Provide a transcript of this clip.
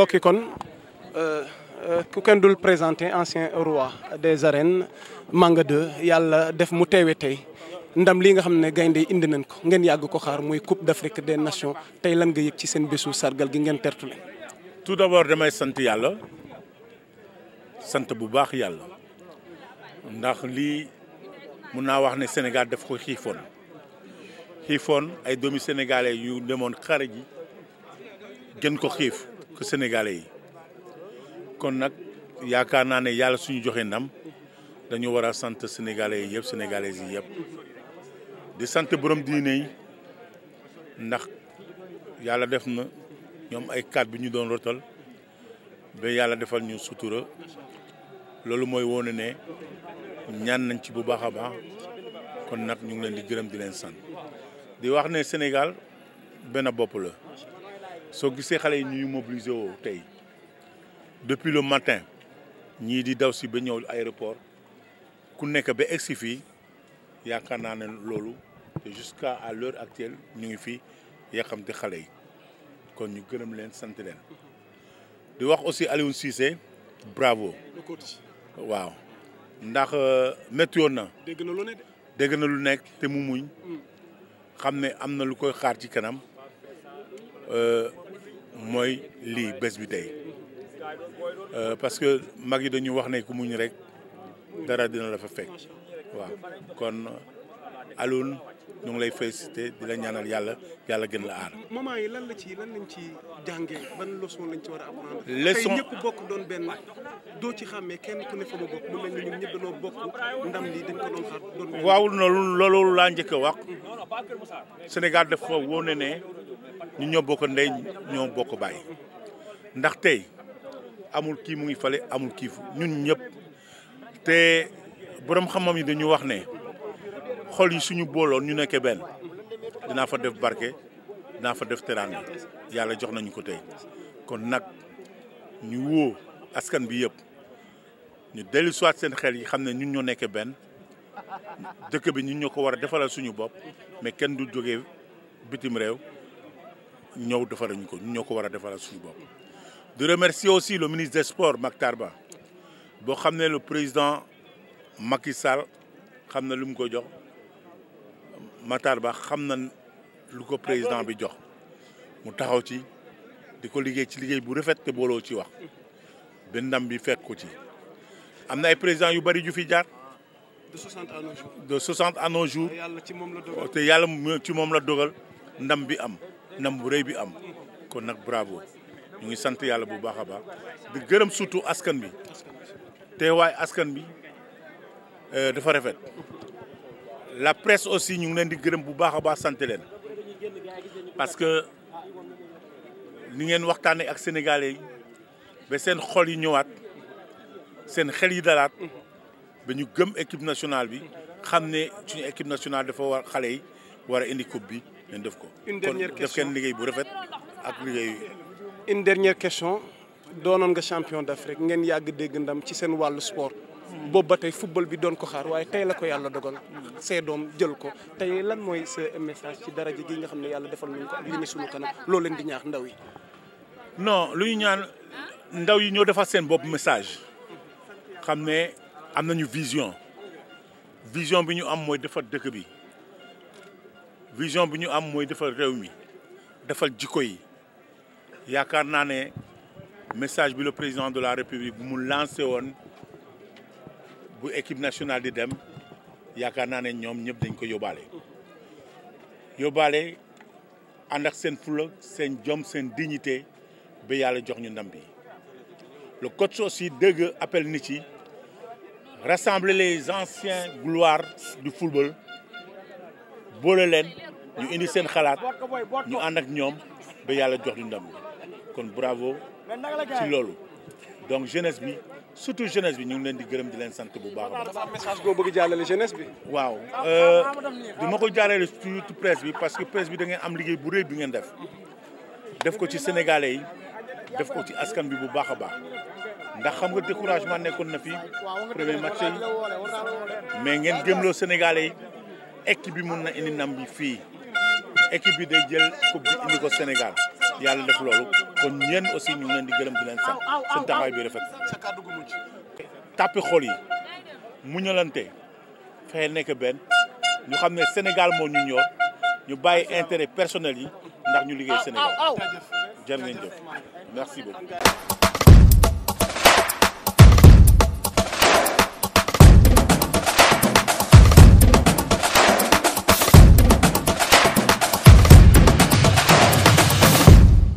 mbokki kon euh, euh, ku kenn dul présenté ancien roi des arènes Manga 2 yàlla def mu teewe tey ndam lii nga xam ne gaynde indi nañ ko ngeen yàgg ko xaar muy coupe d'Afrique des nations tey lan nga ci seen bésu sargal gi ngeen tertule tout d'abord damay sant yàlla sant bu baax yàlla ndax lii mun naa wax ne Sénégal daf ko xiifoon xiifoon ay doomi sénégalais yu demoon xare ji gën ko xiif que sénégalais yi kon nag yaakaar naa ne yàlla suñu joxe ndam dañu war a sant sénégalais yi yëpp sénégalais yi yëpp di sant borom diine yi ndax yàlla def na ñoom ay kaat bi ñu doon rotal ba yàlla defal ñu sutura loolu mooy woone ne ñaan nañ ci bu baax a baax kon nag ñu ngi leen di gërëm di leen sant di wax ne Sénégal benn bopp la soo gisee xale yi ñu mobiliser woo tey depuis le matin ñii di daw si ba ñëw aéroport ku nekk ba egsi fii yaakaar naa ne loolu te jusqu'à à l'heure actuelle ñu ngi fii yàqamte xale yi kon ñu gërëm leen sant leen di wax aussi Aliou Cissé bravo waaw ndax euh, métti woon na dégg na lu nekk te mu muñ mm. xam ne am na lu koy xaar ci kanam Euh, mooy lii bés bi tey euh, parce que mag yi dañu wax ne ku muñ rek dara dina la fa fekk waaw kon Alioune ñu ngi lay félicité di la ñaanal yàlla yàlla gën la aar. moment yi lan ci lan lañ ci jàngee lañ ci war a apprendre. leçon doon benn doo ci xàmmee kenn ku ne fa mu bokk mu mel ni ñun ñëpp dañoo bokk ndam lii dañ ko doon xaar doon. loolu laa njëkk a wax Sénégal dafa wóone ne. ñu ñoo bokk ndey ñoo bokk baay ndax tey amul kii mu ngi fale amul kii ñun ñëpp te boroom xam yi dañu wax ne xol yi suñu booloon ñu nekkee benn dinaa fa def barke dinaa fa def teraanga yàlla jox nañu ko tey kon nag ñu woo askan bi yëpp ñu dellu soit seen xel yi xam ne ñun ñoo nekkee benn dëkk bi ñu ñoo ko war a defaral suñu bopp mais kenn du jógee bitim réew ñëw defaral ñu ko ñoo ko war a defaral suñu bopp. di remercier aussi le ministre des sports Makhtar boo xam ne le président Macky Sall xam na lu mu ko jox Makhtar xam na lu ko président bi jox mu taxaw ci di ko liggéey ci liggéey bu rafet te booloo ci wax ba ndam bi fekk ko ci. am na ay président yu bari ju fi jaar. de 60 à nos jours de te yàlla ci moom la dogal te yàlla ci moom la dogal ndam bi am. ndam bu rëy bi am kon nag bravo ñu ngi sant yàlla bu baax a baax di gërëm surtout askan bi teewaay askan bi euh, dafa rafet la presse aussi ñu ngi leen di gërëm bu baax a baax sant leen parce que ni ngeen waxtaanee ak sénégalais yi ba seen xol yi ñëwaat seen xel yi dalaat ba ñu gëm équipe nationale bi xam ne suñu équipe nationale dafa war xale yi war indi coupe bi. ngeen def ko. une dernière question kon def kenn liggéey bu rafet ak liggéey. une dernière question doonoon nga champion d'Afrique ngeen yàgg dégg ndam ci seen wàllu sport. boobu ba tey football bi doon ko xaar waaye tey la ko yàlla dogal. see doom jël ko tey lan mooy sa message ci daraja gi nga xam ne yàlla defal nañ ko ak li ne kanam loo leen di ñaax ndaw yi. non lu ñu ñaan ndaw yi ñoo defal seen bopp message xam ne am nañu vision vision bi ñu am mooy defar dëkk bi. vision bi ñu am mooy defal réew mi defal jikko yi yaakaar naa ne message bi le président de la république bu mu lancé woon bu équipe nationale di dem yaakaar naa ne ñoom ñëpp dañ ko yóbbaale. yóbbaale ànd ak seen fulla seen jom seen dignité ba yàlla jox ñu ndam bi le coach aussi dëgg appel nit yi rassembler les anciens gloires du football. boole leen ñu indi seen xalaat ñu ànd ak ñoom ba yàlla jox ñu ndam kon bravo ci loolu donc jeunesse bi surtout jeunesse bi ñu ngi leen di gërëm di leen sant bu baax a baax. message boo bëgg jàllale jeunesse euh, du ma ko jàllale surtout presse bi parce que presse bi da ngeen am liggéey bu rëy bi ngeen def def ko ci sénégalais yi def ko ci askan bi bu baax a baax ndax xam nga découragement nekkoon na fi premier match yi mais ngeen gëmloo sénégalais yi. équipe bi mun na indi nam bi fii équipe bi day jël coupe bi indi ko Sénégal yàlla def loolu kon ñeen aussi ñu ngi leen di gërëm di leen sant seen taxawaay bi rafet. tàppi xol yi muñalante fexe nekk benn ñu xam ne Sénégal moo ñu ñor ñu bàyyi intérêt personnel yi ndax ñu liggéey Sénégal jërë jëf